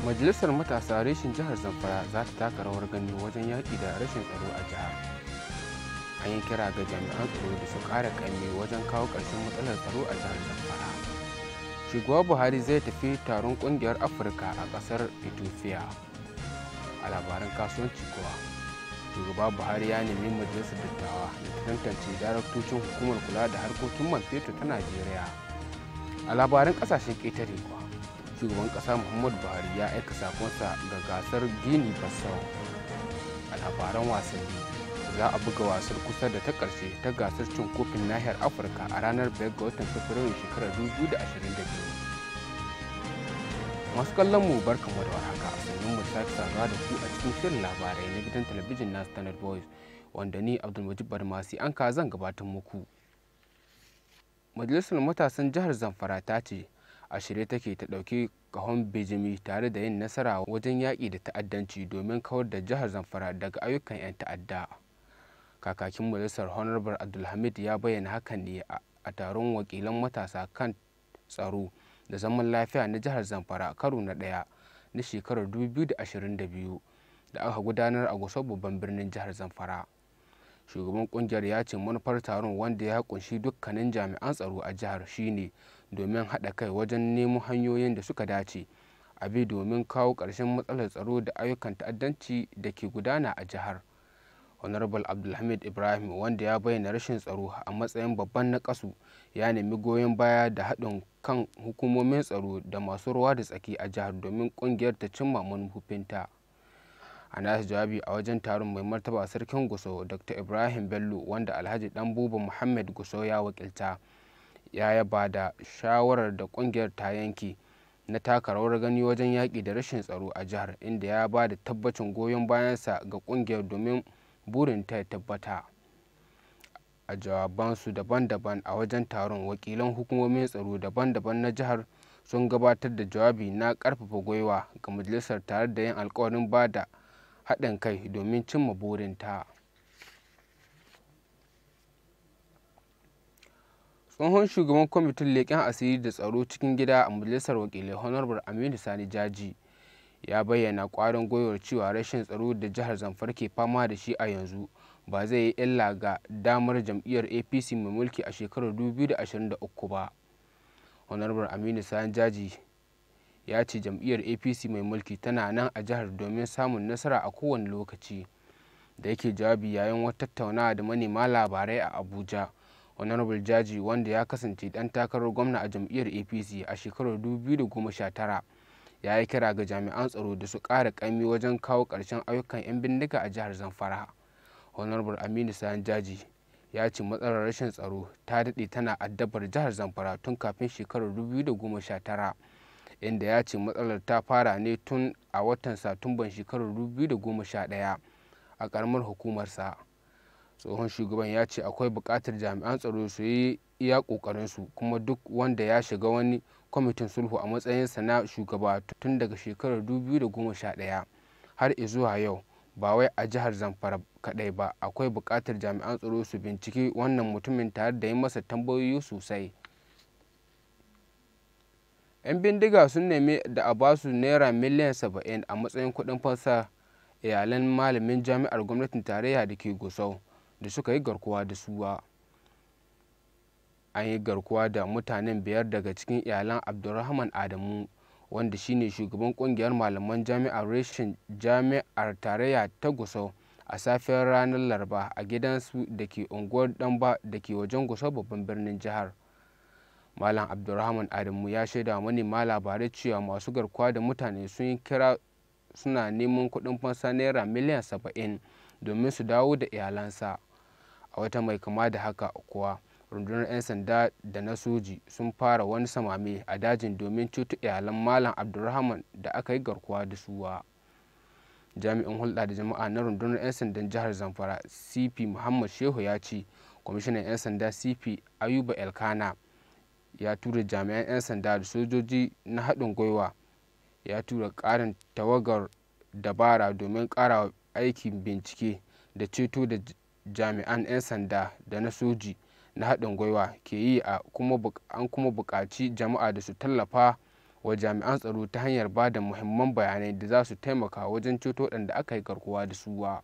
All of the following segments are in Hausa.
majalisar matasa reshen jihar zamfara za ta taka rawar gani wajen yaƙi da rashin tsaro a jihar an yi kira ga jami'an tsaro da su ƙara ƙanye wajen kawo ƙarshen matsalar tsaro a jihar zamfara shugaba buhari zai tafi taron kungiyar afirka a kasar ethiopia a labaran kasuwanci kuwa shugaba buhari ya nemi majalisar dattawa da tantance daraktocin hukumar kula da harkokin man fetur ta najeriya a labaran kasashen ƙetare kuwa shugaban ƙasa muhammadu buhari ya aika sakonsa ga gasar gini basau a labaran wasanni za a buga wasar kusa da ta ƙarshe ta gasar cin kofin nahiyar afirka a ranar 5 ga watan fabrairu shekarar 2022 masu kallon mu barkan mu da warhaka sannan mu sake saduwa da ku a cikin shirin labarai na gidan talabijin na standard voice wanda ni abdulmajid barmasi an ka zan gabatar muku majalisar matasan jihar zamfara ta ce a shirye take ta ɗauki kahon bijimi tare da yin nasara wajen yaƙi da ta'addanci domin kawar da jihar zamfara daga ayyukan 'yan ta'adda kakakin majalisar honorable abdulhamid ya bayyana hakan ne a taron wakilan matasa kan tsaro da zaman lafiya na jihar zamfara karo na daya na shekarar 2022 da aka gudanar a gusau babban birnin jihar zamfara shugaban kungiyar ya ce manufar taron wanda ya kunshi dukkanin jami'an tsaro a jihar shine domin haɗa kai wajen nemo hanyoyin da suka dace a abi domin kawo ƙarshen matsalar tsaro da ayyukan ta'addanci da ke gudana a jihar honorable abdulhamid ibrahim wanda ya bayyana rashin tsaro a matsayin babban nakasu ya nemi goyon baya da haɗin kan hukumomin tsaro da masu ruwa da tsaki a jihar domin kungiyar ta cimma manufofinta a nasu jawabi a wajen taron mai martaba sarkin gusau dr ibrahim bello wanda alhaji dan buba muhammad gusau ya wakilta ya yaba da shawarar da kungiyar ta yanki na taka rawar gani wajen yaƙi da rashin tsaro a jihar inda ya ba da tabbacin goyon bayansa ga kungiyar domin ta ya tabbata a jawabansu daban-daban a wajen taron wakilan hukumomin tsaro daban-daban na jihar sun gabatar da jawabi na karfafa gwiwa ga majalisar tare da yin alkawarin ba da haɗin kai domin cimma burinta tsohon shugaban kwamitin leƙen asiri da tsaro cikin gida a majalisar wakilai honorable aminu sani jaji ya bayyana kwarin gwiwar cewa rashin tsaro da jihar zamfara ke fama da shi a yanzu ba zai yi illa ga damar jam'iyyar apc mai mulki a shekarar 2023 ba honorable aminu sani jaji ya ce jam'iyyar apc mai mulki tana nan a jihar domin samun nasara a kowane lokaci da yake jawabi yayin wata tattaunawa da manema labarai a abuja honorable jaji wanda ya kasance dan takarar gwamna a jam'iyyar apc a shekarar 2019 ya yi kira ga jami'an tsaro da su ƙara ƙami wajen kawo ƙarshen ayyukan 'yan bindiga a jihar zamfara honorable aminu sayan jaji ya ce matsalar rashin tsaro ta daɗe tana addabar jihar zamfara tun kafin shekarar 2019 inda ya ce matsalar ta fara ne tun a watan satumban shekarar 2011 a ƙaramar hukumarsa tsohon shugaban ya ce akwai buƙatar jami'an tsaro su yi iya ƙoƙarinsu kuma duk wanda ya shiga wani kwamitin sulhu a matsayinsa na shugaba tun daga shekarar 2011 har zuwa yau ba wai a jihar zamfara kadai ba akwai bukatar jami'an tsaro su binciki wannan mutumin tare da yi masa tambayoyi sosai 'yan bindiga sun nemi da a basu naira miliyan saba'in a matsayin kudin fasa iyalan malamin jami'ar gwamnatin tarayya da ke gusau da suka yi garkuwa da suwa an yi garkuwa da mutanen biyar daga cikin iyalan abdulrahman adamu wanda shine shugaban kungiyar malaman jami'ar reshen jami'ar tarayya ta gusau a safiyar ranar laraba a gidansu da ke unguwar damba da ke wajen gusau babban birnin jihar malam abdulrahman adamu ya shaida manema labarai cewa masu garkuwa da mutane sun yi kira suna neman kuɗin fansa naira miliyan saba'in domin su dawo da iyalansa a wata mai kama da haka kuwa rundunar 'yan sanda da na soji sun fara wani samame a dajin domin ceto iyalan malam abdulrahman da aka yi garkuwa da suwa jami'in hulɗa da jama'a na rundunar 'yan sandan jihar zamfara cp muhammad shehu ya ce kwamishinan 'yan sanda cp ayuba elkana ya tura jami'an 'yan sanda da sojoji na haɗin gwiwa ya tura ƙarin tawagar dabara domin ƙara aikin bincike da ceto da jami'an 'yan sanda da na soji na haɗin gwiwa ke yi an kuma buƙaci jama'a da su tallafa wa jami'an tsaro ta hanyar ba da muhimman bayanai da za su taimaka wajen ceto da aka yi garkuwa da su ba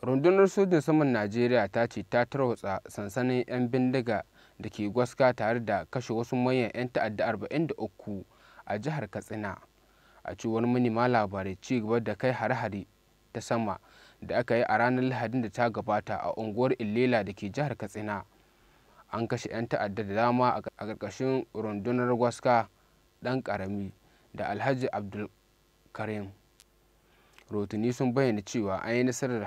rundunar sojin saman najeriya ta ce ta tarwatsa sansanin 'yan bindiga da ke gwaska tare da kashe wasu manyan 'yan ta'adda 43 a jihar katsina a cewar manema labarai ci gaba da kai hare-hare ta sama da aka yi a ranar lahadin da ta gabata a unguwar illela da ke jihar katsina an kashe 'yan ta'adda da dama a ƙarƙashin rundunar gwaska ɗan ƙarami da alhaji abdul abdulkarim rotuni sun bayyana cewa an yi nasarar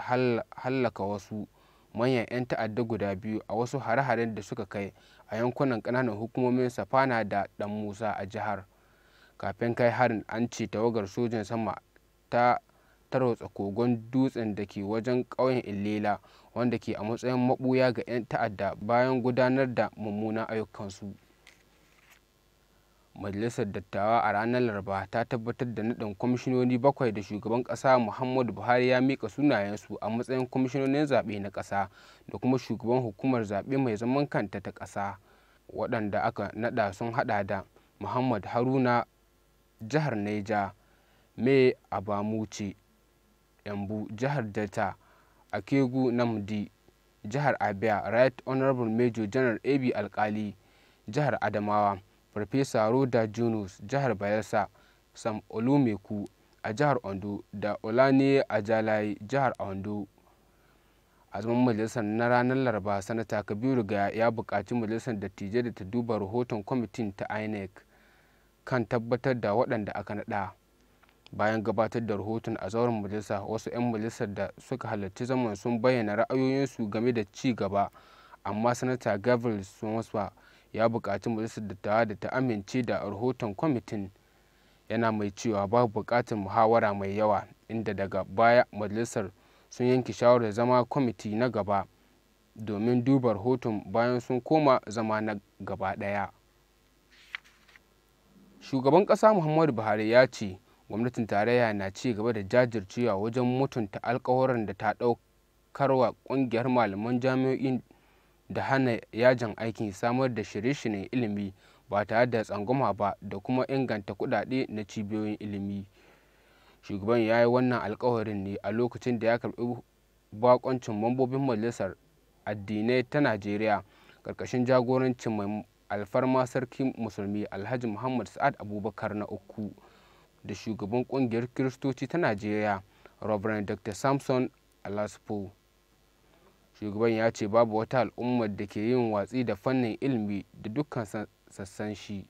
hallaka wasu manyan 'yan ta'adda guda biyu a wasu hare-haren da suka kai a yankunan ƙananan hukumomin safana da ɗan musa a jihar kafin kai harin an ce tawagar sojin sama ta tattaro tsakogon dutsen da ke wajen ƙauyen Illela wanda ke a matsayin maɓuya ga 'yan ta'adda bayan gudanar da mummunan ayyukansu. Majalisar Dattawa a ranar Laraba ta tabbatar da naɗin kwamishinoni bakwai da shugaban ƙasa Muhammadu Buhari ya mika sunayensu a matsayin kwamishinonin zaɓe na ƙasa da kuma shugaban hukumar zaɓe mai zaman kanta ta ƙasa. Waɗanda aka naɗa sun haɗa da Muhammad Haruna jihar Neja, mai abamuce yambu jihar delta akegu namdi jihar abia right honorable major general ab alkali jihar adamawa farfesa roda junus jihar bayelsa sam olumeku a jihar ondo da olaniye ajalai jihar ondo a zaman majalisar na ranar laraba sanata kabiru ga ya buƙaci majalisar dattijai da ta duba rahoton kwamitin ta inec kan tabbatar da waɗanda aka naɗa bayan gabatar da rahoton a zauren majalisa wasu 'yan majalisar da suka halarci zaman sun bayyana ra'ayoyinsu game da ci gaba amma sanata gavril swamswa ya buƙaci majalisar dattawa da ta amince da rahoton kwamitin yana mai cewa babu buƙatar muhawara mai yawa inda daga baya majalisar sun yanke shawarar zama kwamiti na gaba domin duba rahoton bayan sun koma zama na gaba ɗaya shugaban ƙasa muhammadu buhari ya ce gwamnatin tarayya na ci gaba da jajircewa wajen mutunta alkawuran da ta daukarwa kungiyar malaman jami'o'i da hana yajin aikin samar da shirye-shiryen ilimi ba tare da tsangwama ba da kuma inganta kudade na cibiyoyin ilimi shugaban ya yi wannan alkawarin ne a lokacin da ya karbi bakoncin mambobin majalisar addinai ta najeriya karkashin jagorancin mai alfarma sarki musulmi alhaji muhammad sa'ad abubakar na uku da shugaban kungiyar kiristoci ta najeriya robert dr samson alaspo shugaban ya ce babu wata al'ummar da ke yin watsi da fannin ilimi da dukkan sassan shi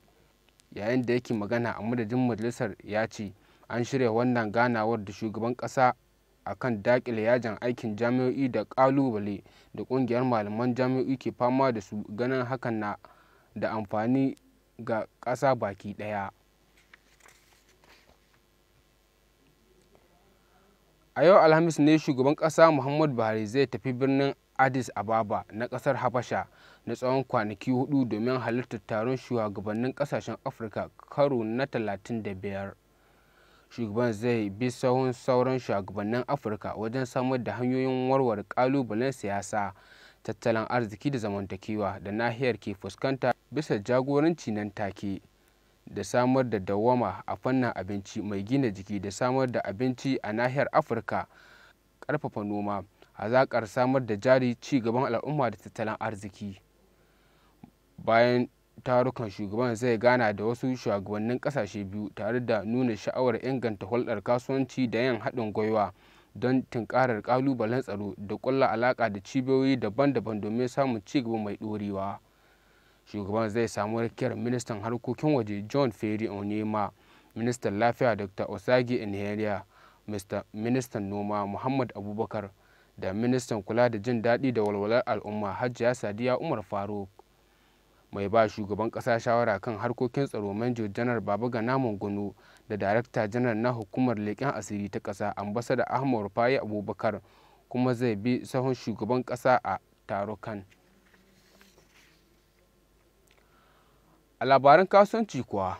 yayin da yake magana a madadin majalisar ya ce an shirya wannan ganawar da shugaban kasa a kan dakile yajin aikin jami'o'i da kalubale da kungiyar malaman jami'o'i ke fama da su ganin hakan na da amfani ga kasa baki daya. a yau alhamis ne shugaban kasa muhammad buhari zai tafi birnin addis ababa na kasar habasha na tsawon kwanaki hudu domin halartar taron shugabannin kasashen afirka karo na 35 shugaban zai bi sahun sauran shugabannin afirka wajen samar da hanyoyin warware kalubalen siyasa tattalin arziki da zamantakewa da nahiyar ke fuskanta bisa jagoranci nan take da samar da dawwama a fannin abinci mai gina jiki da samar da abinci a nahiyar afirka karfafa noma hazaƙar samar da jari ci gaban al'umma da tattalin arziki bayan tarukan shugaban zai gana da wasu shugabannin ƙasashe biyu tare da nuna sha'awar inganta hulɗar kasuwanci da yin haɗin gwiwa don tunkarar ƙalubalen tsaro da ƙulla alaƙa da cibiyoyi daban-daban domin samun ci gaba mai ɗorewa. shugaban zai samu rakiyar ministan harkokin waje john ferry onema ministan lafiya dr osagi inheria ministan noma muhammad abubakar da ministan kula da jin daɗi da walwalar al'umma hajjiya sadiya umar faruk mai ba shugaban ƙasa shawara kan harkokin tsaro manjo janar baba ga naman gunu da darakta janar na hukumar leƙen asiri ta ƙasa ambasada ahmad rufayi abubakar kuma zai bi sahun shugaban ƙasa a tarukan. a labaran kasuwanci kuwa.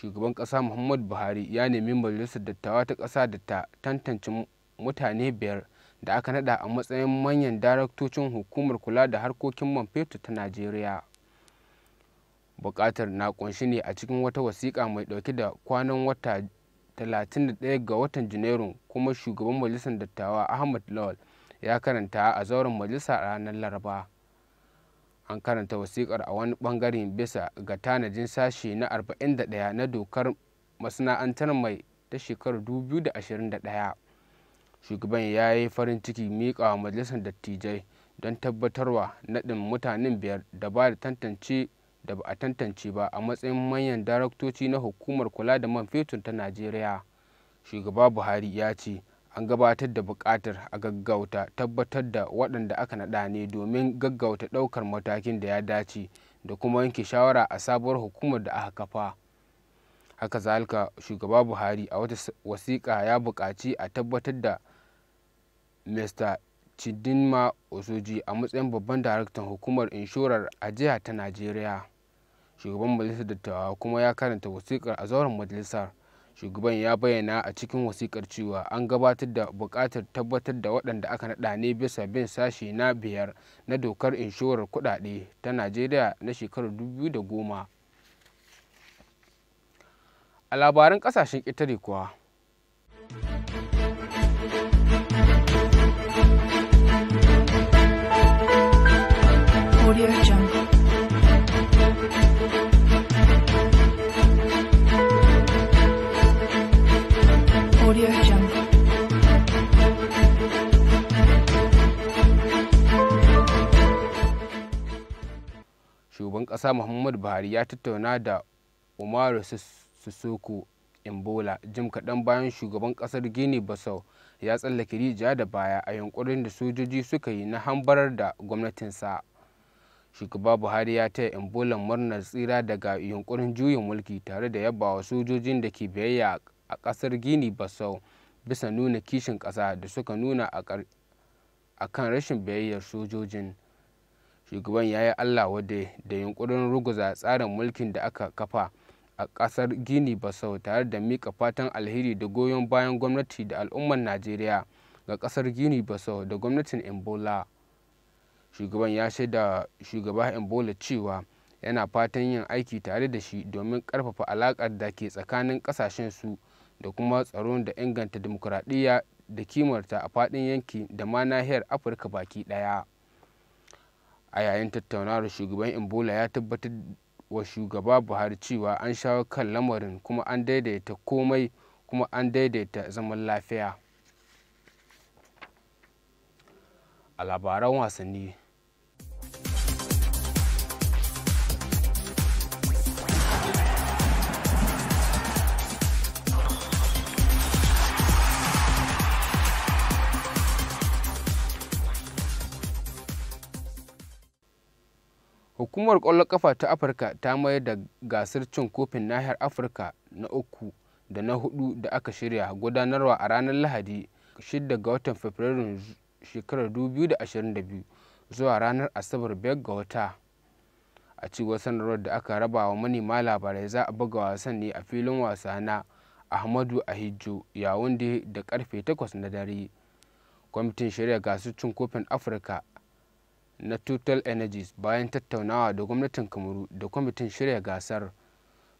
shugaban ƙasa muhammadu buhari ya nemi majalisar dattawa ta ƙasa da ta tantance mutane biyar da aka nada a matsayin manyan daraktocin hukumar kula da harkokin man fetur ta najeriya bukatar na kunshi ne a cikin wata wasiƙa mai ɗauke da kwanan wata 31 ga watan janairu kuma shugaban majalisar dattawa ahmad lawal ya karanta a zauren majalisa a ranar laraba an karanta wasiƙar a wani bangare bisa ga tanajin sashe na 41 na dokar masana'antar mai ta shekarar 2021 shugaban ya yi farin ciki miƙa wa majalisar dattijai don tabbatarwa naɗin mutanen biyar da ba da tantance da ba a tantance ba a matsayin manyan daraktoci na hukumar kula da man fetur ta najeriya shugaba buhari ya ce an gabatar da buƙatar a gaggauta tabbatar da waɗanda aka naɗa ne domin gaggauta ɗaukar matakin da ya dace da kuma yanke shawara a sabuwar hukumar da aka kafa haka zalika shugaba buhari a wata wasiƙa ya buƙaci a tabbatar da mr chidinma osoji a matsayin babban daraktan hukumar inshorar a jiha ta najeriya shugaban majalisar dattawa kuma ya karanta wasikar a zauren majalisar shugaban ya bayyana a cikin wasikar cewa an gabatar da bukatar tabbatar da waɗanda aka naɗa ne bisa bin sashi na biyar na dokar inshorar kuɗaɗe ta najeriya na shekarar 2010 a labaran ƙasashen ƙetare kuwa Audio Shugaban ƙasa Muhammadu Buhari ya tattauna da Umaru Sissoko Imbola jim kaɗan bayan shugaban ƙasar Guinea Bissau ya tsallake rijiya da baya a yankurin da sojoji suka yi na hambarar da gwamnatinsa. shugaba buhari ya taya imbolan murnar tsira daga yunkurin juyin mulki tare da yaba wa sojojin da ke biyayya a kasar gini basau bisa nuna kishin kasa da suka nuna a kan rashin biyayyar sojojin shugaban ya yi allah wade da yunkurin ruguza tsarin mulkin da aka kafa a kasar gini basau tare da mika fatan alheri da goyon bayan gwamnati da al'ummar najeriya ga kasar gini basau da gwamnatin imbola shugaban ya shaida shugaba embola cewa yana fatan yin aiki tare da shi domin karfafa alakar da ke tsakanin kasashen su da kuma tsaron da inganta demokuraɗiyya da kimarta a fadin yanki da ma nahiyar afirka baki daya a yayin tattaunawar shugaban ebola ya tabbatar wa shugaba buhari cewa an shawo kan lamarin kuma an daidaita komai kuma an daidaita zaman lafiya a labaran wasanni. Hukumar ƙwallon ƙafa ta Afirka ta mayar da gasar cin kofin nahiyar Afirka na uku da na hudu da aka shirya gudanarwa a ranar Lahadi 6 ga watan fabrairu shekarar 2022 zuwa ranar asabar 5 ga wata a cewar sanarwar da aka raba wa manema labarai za a buga wasan ne a filin wasa na ahmadu ahijo yawunde da da karfe 8 na dare kwamitin shari'a gasar cin kofin afirka na total energies bayan tattaunawa da gwamnatin kamaru da kwamitin shirya gasar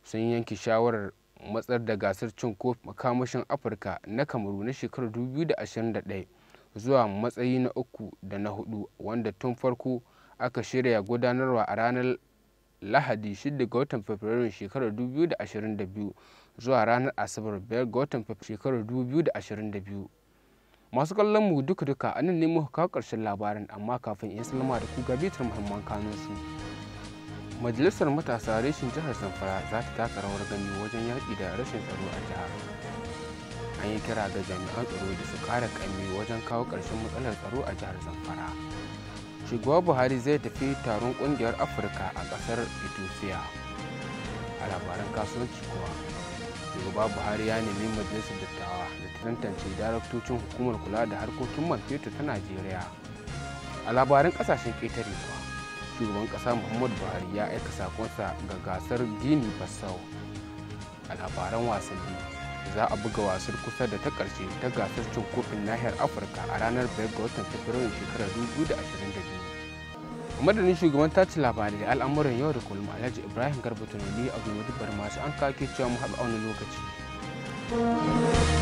sun yanke shawarar matsar da gasar cin kofin makamashin afirka na kamaru na shekarar 2021 zuwa matsayi na uku da na hudu wanda tun farko aka shirya gudanarwa a ranar lahadi 6 ga watan fabrairun shekarar 2022 zuwa ranar asabar 5 ga watan shekarar 2022 masu kallon mu duka duka anan ne muka kawo karshen labarin amma kafin in salama da ku bitar muhimman kanunsu majalisar matasa reshin jihar zamfara za ta taka rawar gani wajen yaƙi da rashin tsaro a jihar an yi kira ga jami'an tsaro da su kara ƙami wajen kawo ƙarshen matsalar tsaro a jihar zamfara shugaba buhari zai tafi taron ƙungiyar afirka a ƙasar ethiopia a labaran kasuwanci kuwa shugaba buhari ya nemi majalisar dattawa da ta tantance daraktocin hukumar kula da harkokin man fetur ta najeriya a labaran ƙasashen ƙetare kuwa shugaban ƙasa muhammadu buhari ya aika sakonsa ga gasar gini basau a labaran wasanni za a buga wasar kusa da ta ƙarshe ta gasar cin kofin nahiyar afirka a ranar 5 ga watan fabrairu shekarar 2022 madadin shugaban tace labarai da al'amuran yau da kullum alhaji ibrahim garba tunani a gumadu masu masu an kake cewa mu haɗa wani lokaci